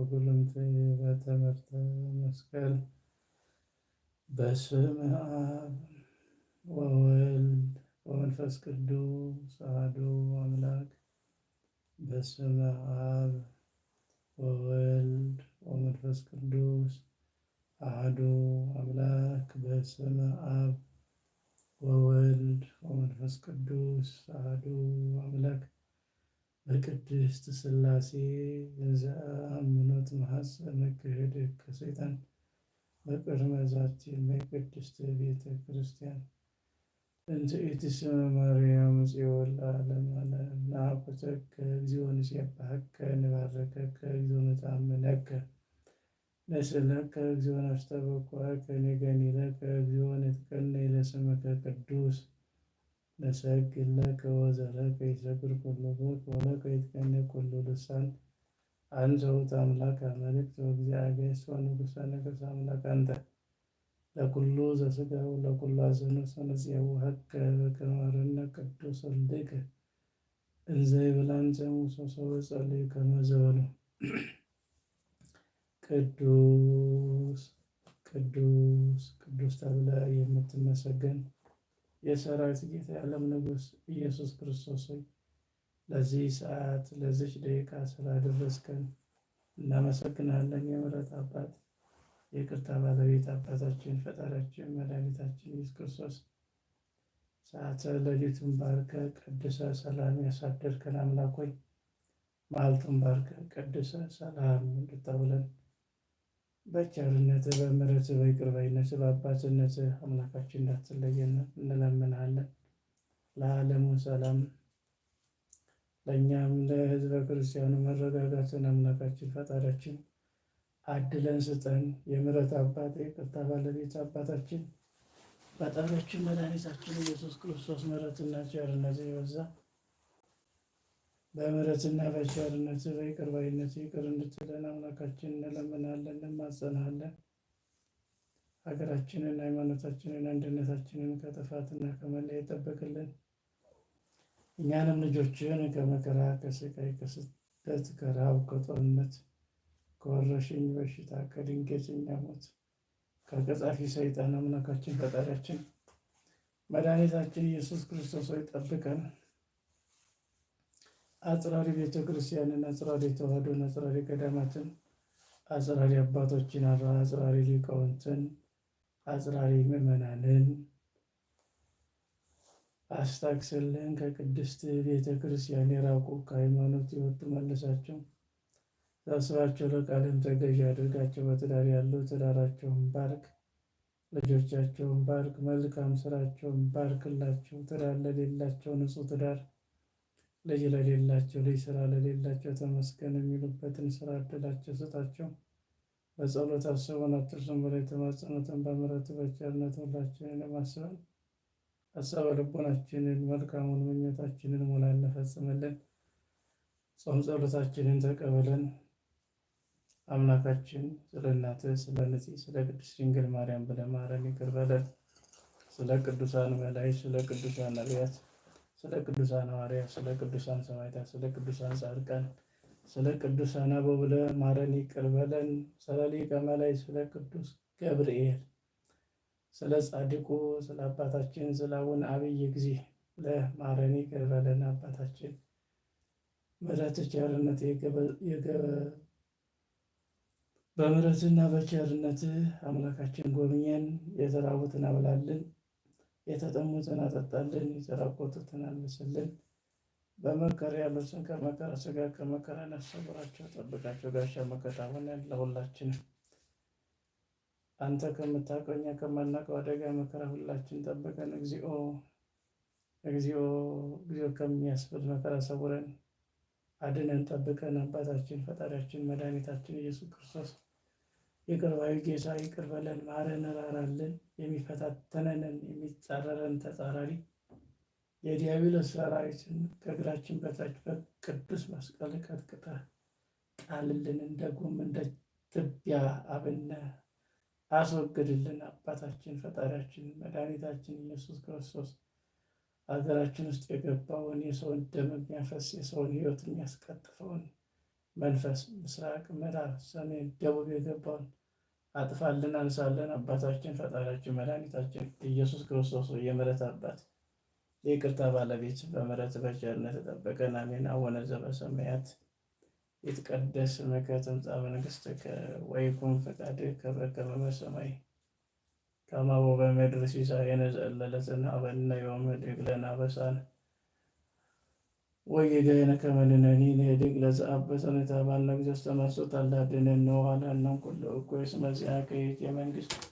በጉልምቴ በትምህርተ መስቀል በስመ አብ ወወልድ ወመንፈስ ቅዱስ አሐዱ አምላክ በስመ አብ ወወልድ ወመንፈስ ቅዱስ አሐዱ አምላክ በስመ አብ ወወልድ ወመንፈስ ቅዱስ አሐዱ አምላክ በቅድስት ሥላሴ ለዘአምኖት መሐፀነ ክህድከ ሰይጣን በቅድመ ዛቲ ቅድስት ቤተ ክርስቲያን እንተ ኢትስመ ማርያም ጽዮን ለዓለም ዓለም ናቁተከ እግዚኦ ንሴብሐከ ንባረከከ እግዚኦ ንተአምነከ ነስእለከ እግዚኦ ነፍሰ በኩዐከ ንገኒለከ እግዚኦ ንትቀነይ ለስምከ ቅዱስ ለሰግድ ለከ ወዘረከ ይሰግድ ኩሉ በክ ወለከ ይትቀነ ኩሉ ልሳን አንዘውት ውእተ አምላክ አመልክት ወእግዚአብሔር ንጉሰ ነገስ አምላክ አንተ ለኩሉ ዘሥጋው ለኩሉ አዘነ ሰነጽየው ሀከ በከማረነ ቅዱስ ወልድከ እንዘ ይብላንተ ሰሰበ በጸልዩ ከመዘበሉ ቅዱስ ቅዱስ ቅዱስ ተብለ የምትመሰገን የሰራዊት ጌታ የዓለም ንጉሥ ኢየሱስ ክርስቶስ ሆይ ለዚህ ሰዓት ለዚች ደቂቃ ስላደረስከን እናመሰግናለን። የምሕረት አባት የቅርታ ባለቤት አባታችን ፈጣሪያችን መድኃኒታችን ኢየሱስ ክርስቶስ ሰዓተ ሌሊቱን ባርከ ቅድሰ ሰላም ያሳደርከን አምላክ ሆይ መዓልቱን ባርከ ቅድሰ ሰላም እንድታውለን በቸርነት በምረት በይቅር ባይነት በአባትነት አምላካችን እንዳትለየን እንለምናለን። ለዓለሙ ሰላም ለእኛም ለሕዝበ ክርስቲያኑ መረጋጋትን አምላካችን ፈጣሪያችን አድለን ስጠን። የምረት አባት የይቅርታ ባለቤት አባታችን ፈጣሪያችን መድኃኒታችን ኢየሱስ ክርስቶስ ምረትና ቸርነት የበዛ በምሕረትና በቸርነት በይቅር ባይነት ይቅር እንድትለን አምላካችን እንለምናለን፣ እንማጸናለን። ሀገራችንን፣ ሃይማኖታችንን፣ አንድነታችንን ከጥፋትና ከመለያ ይጠበቅልን። እኛንም ልጆችን ከመከራ፣ ከስቃይ፣ ከስደት፣ ከረሃብ፣ ከጦርነት፣ ከወረሽኝ በሽታ፣ ከድንገተኛ ሞት፣ ከቀጻፊ ሰይጣን አምላካችን ፈጣሪያችን መድኃኒታችን ኢየሱስ ክርስቶስ ሆይ ጠብቀን። አጽራሪ ቤተ ቤተክርስቲያንን፣ አጽራሪ ተዋህዶን፣ አጽራሪ ገዳማትን፣ አጽራሪ አባቶችን፣ አጽራሪ ሊቃውንትን፣ አጽራሪ ምዕመናንን አስታክስልን። ከቅድስት ቤተክርስቲያን የራቁ ከሃይማኖት የወጡ መልሳቸው ሰብስባቸው ለቃልም ተገዥ አድርጋቸው። በትዳር ያሉ ትዳራቸውን ባርክ፣ ልጆቻቸውን ባርክ፣ መልካም ስራቸውን ባርክላቸው። ትዳር ለሌላቸው ንጹህ ትዳር ልጅ ለሌላቸው ልጅ ስራ ለሌላቸው ተመስገን የሚሉበትን ስራ እድላቸው ስጣቸው። በጸሎት አስቡን አትርሱን ብለው የተማጸኑትን በምሕረት በቸርነት ሁላችንን ለማስበን ሀሳብ ልቦናችንን መልካሙን ምኞታችንን ሙላ እንፈጽምልን። ጾም ጸሎታችንን ተቀበለን። አምላካችን ስለ እናትህ ስለ ንጽህ ስለ ቅድስት ድንግል ማርያም ብለህ ማረን፣ ይቅር በለን። ስለ ቅዱሳን መላእክት ስለ ቅዱሳን ነቢያት ስለ ቅዱሳን ሐዋርያት፣ ስለ ቅዱሳን ሰማዕታት፣ ስለ ቅዱሳን ጻድቃን፣ ስለ ቅዱሳን አበው ብለህ ማረን ይቅር በለን። ስለ ሊቀ መላእክት ስለ ቅዱስ ገብርኤል፣ ስለ ጻድቁ ስለ አባታችን ስለ አቡነ አብይ ጊዜ ብለህ ማረን ይቅር በለን። አባታችን ምሕረት ቸርነት በምሕረትና በቸርነት አምላካችን ጎብኘን፣ የተራቡትን አብላልን የተጠሙትን አጠጣልን፣ የተራቆቱትን አልብስልን፣ በመከር ያሉትን ከመከራ ሥጋ ከመከራ ነፍስ ሰውራቸው ጠብቃቸው። ጋሻ መከታ ሆነ ለሁላችንም አንተ ከምታውቀው ከማናቀው ከማናውቀው አደጋ መከራ ሁላችን ጠብቀን። እግዚኦ እግዚኦ እግዚኦ ከሚያስብል መከራ ሰውረን አድነን ጠብቀን። አባታችን ፈጣሪያችን መድኃኒታችን ኢየሱስ ክርስቶስ የቅርባዊ ጌታ ይቅር በለን ማረን፣ ራራልን። የሚፈታተነንን የሚጻረረን ተጻራሪ የዲያብሎስ ሰራዊትን ከእግራችን በታች በቅዱስ መስቀል ቀጥቅጠ ጣልልን፣ እንደ ጉም እንደ ትቢያ አብነ አስወግድልን። አባታችን ፈጣሪያችን መድኃኒታችን ኢየሱስ ክርስቶስ ሀገራችን ውስጥ የገባውን የሰውን ደም የሚያፈስ የሰውን ሕይወት የሚያስቀጥፈውን መንፈስ ምስራቅ፣ ምዕራብ፣ ሰሜን፣ ደቡብ የገባውን አጥፋልን፣ አንሳለን። አባታችን ፈጣሪያችን መድኃኒታችን ኢየሱስ ክርስቶስ የምሕረት አባት የይቅርታ ባለቤት በምሕረት በቸርነት ተጠበቀን። አሜን። አቡነ ዘበሰማያት ይትቀደስ ስምከ ትምጻእ መንግሥትከ ወይኩን ፈቃድከ በከመ በሰማይ ከማሁ በምድር ሲሳየነ ዘለለዕለትነ ሀበነ ዮም ወኅድግ ለነ አበሳነ ወጌጋየነ ከመልነኒ ንሄድግ ንኅድግ ለዘአብ በጸሎተ ኀበነ እግዚእስተ መንሱት አላድነን ነው ኋላነም ኩሎ እኮይስ እስመ ዚአከ የመንግስት መንግሥት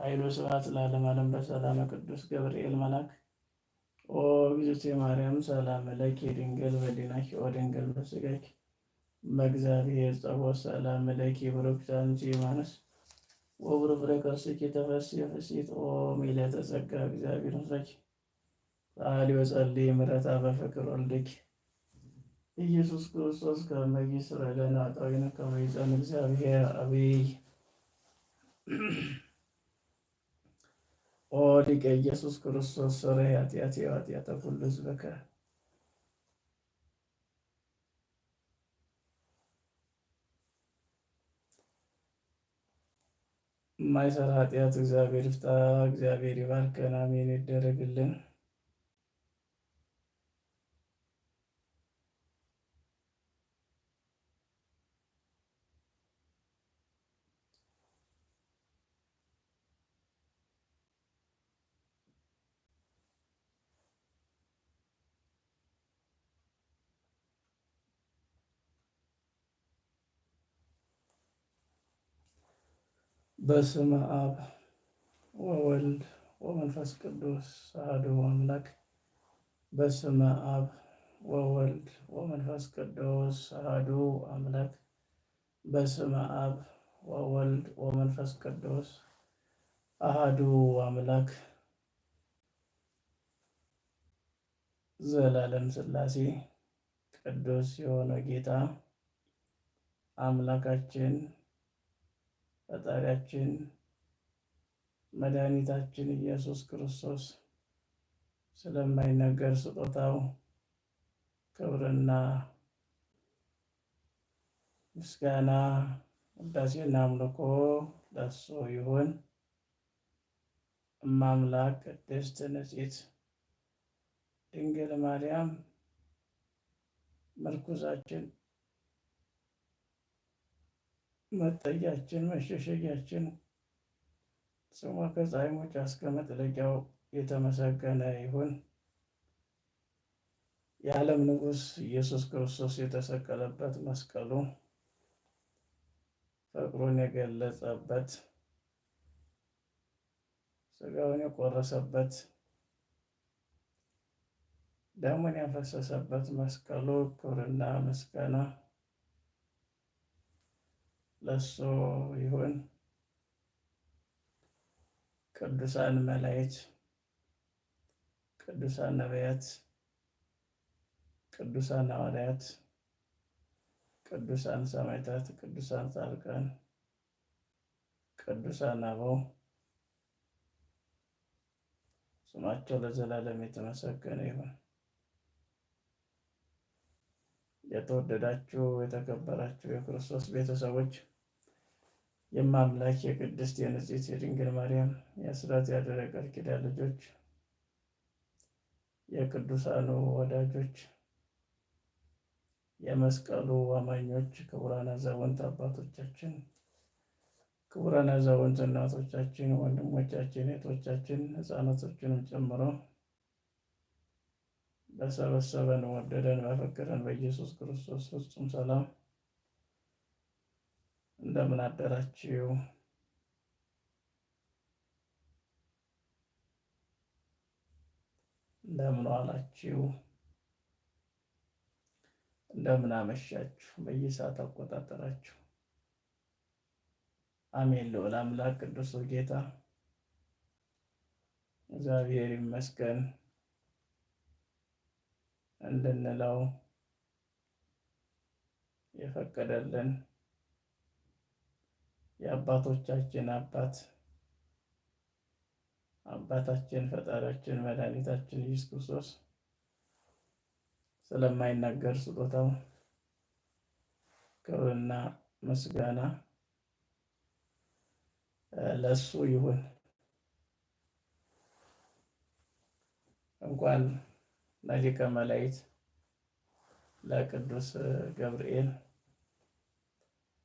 ኃይሉ ስብሐት ለዓለመ ዓለም በሰላመ ቅዱስ ገብርኤል መልአክ ኦ እግዝእትየ ማርያም ሰላም ለኪ ድንግል በዲናኪ ኦ ድንግል በሥጋኪ በእግዚአብሔር ጸቦት ሰላም ለኪ ብሩክት አንቺ ማነስ ወብሩክ ፍሬ ከርስኪ ተፈሥሒ ፍሥሕት ኦ ምልዕተ ጸጋ እግዚአብሔር ምስለኪ በአልዮ ጸልይ ምሕረታ በፍቅር ወልድኪ ኢየሱስ ክርስቶስ ከመይስ ረገና አጣዊነ ከመይፀን እግዚአብሔር አብይ ኦ ሊቀ ኢየሱስ ክርስቶስ ስረ ኃጢአት ኃጢአተ ኩሉ ህዝበከ ማይሰራ ኃጢአት እግዚአብሔር ይፍታ። እግዚአብሔር ይባርከን። አሜን ይደረግልን። በስመ አብ ወወልድ ወመንፈስ ቅዱስ አሐዱ አምላክ። በስመ አብ ወወልድ ወመንፈስ ቅዱስ አሐዱ አምላክ። በስመ አብ ወወልድ ወመንፈስ ቅዱስ አሐዱ አምላክ ዘላለም ሥላሴ ቅዱስ የሆነ ጌታ አምላካችን ፈጣሪያችን መድኃኒታችን ኢየሱስ ክርስቶስ ስለማይነገር ስጦታው ክብርና ምስጋና ውዳሴና አምልኮ ለሱ ይሁን። እማምላክ ቅድስት ንጽሕት ድንግል ማርያም ምርኩዛችን መጠጊያችን መሸሸጊያችን ስሟ ከፀሐይ መውጫ እስከ መጥለቂያው የተመሰገነ ይሁን። የዓለም ንጉሥ ኢየሱስ ክርስቶስ የተሰቀለበት መስቀሉ ፍቅሩን የገለጸበት ስጋውን የቆረሰበት ደሙን ያፈሰሰበት መስቀሉ ክብርና ምስጋና ለሶ ይሁን ቅዱሳን መላእክት፣ ቅዱሳን ነቢያት፣ ቅዱሳን ሐዋርያት፣ ቅዱሳን ሰማዕታት፣ ቅዱሳን ጻድቃን፣ ቅዱሳን አበው ስማቸው ለዘላለም የተመሰገነ ይሁን። የተወደዳችሁ የተከበራችሁ የክርስቶስ ቤተሰቦች የማምላክ የቅድስት የንጽሕት የድንግል ማርያም የስራት ያደረቀል ኪዳን ልጆች የቅዱሳኑ ወዳጆች የመስቀሉ አማኞች ክቡራን አዛውንት አባቶቻችን፣ ክቡራን አዛውንት እናቶቻችን፣ ወንድሞቻችን፣ እህቶቻችን ሕፃናቶችንም ጨምሮ በሰበሰበን ወደደን ባፈቀረን በኢየሱስ ክርስቶስ ፍጹም ሰላም እንደምን አደራችሁ? እንደምን ዋላችሁ? እንደምን አመሻችሁ? በየሰዓት አቆጣጠራችሁ። አሜን። ልዑል አምላክ ቅዱስ ጌታ እግዚአብሔር ይመስገን እንድንለው የፈቀደልን የአባቶቻችን አባት አባታችን ፈጣሪያችን መድኃኒታችን ኢየሱስ ክርስቶስ ስለማይናገር ስጦታው ክብርና ምስጋና ለሱ ይሁን። እንኳን ለሊቀ መላእክት ለቅዱስ ገብርኤል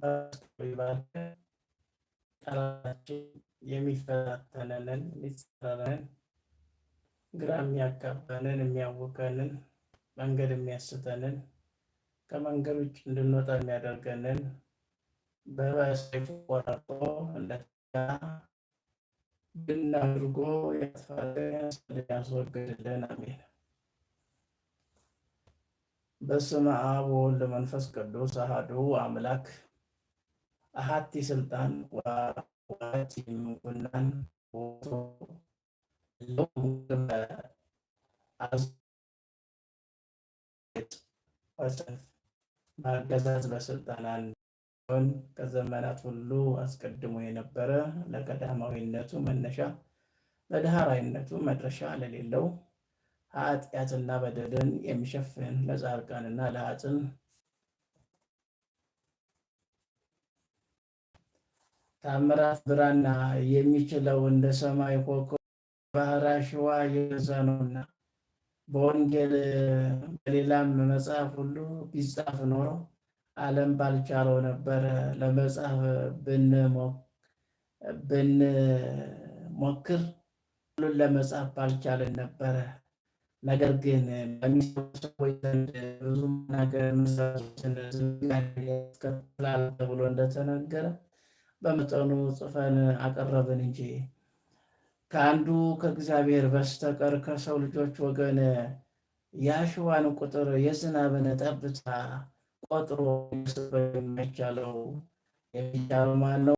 ባለ የሚፈታተነንን የሚጻረንን ግራ የሚያጋባንን የሚያውከንን መንገድ የሚያስተንን ከመንገድ ውጭ እንድንወጣ የሚያደርገንን በሰይፉ ቆራርጦ እንደተጋ ድል አድርጎ ያስፋልን ያስወግድልን። አሜን። በስመ አብ ወወልድ ወመንፈስ ቅዱስ አሐዱ አምላክ አሃቲ ስልጣን ዋጭ ምቁናን ቶ ማገዛዝ በስልጣን ሲሆን ከዘመናት ሁሉ አስቀድሞ የነበረ ለቀዳማዊነቱ መነሻ ለዳህራዊነቱ መድረሻ ለሌለው ኃጢአትና በደልን የሚሸፍን ለጻድቃንና ለአጽን ታምራት ብራና የሚችለው እንደ ሰማይ ኮከብ ባህር አሸዋ የበዛ ነውና በወንጌል በሌላም መጽሐፍ ሁሉ ቢጻፍ ኖሮ ዓለም ባልቻለው ነበረ። ለመጽሐፍ ብንሞክር ሁሉን ለመጽሐፍ ባልቻለን ነበረ። ነገር ግን በሚሰሩ ዘንድ ብዙ ነገር መሰረቶችን ዝጋ ያስከትላል ተብሎ እንደተነገረ በመጠኑ ጽፈን አቀረብን እንጂ ከአንዱ ከእግዚአብሔር በስተቀር ከሰው ልጆች ወገን የአሸዋን ቁጥር የዝናብን ጠብታ ቆጥሮ ስበ የማይቻለው የሚቻለው ማን ነው?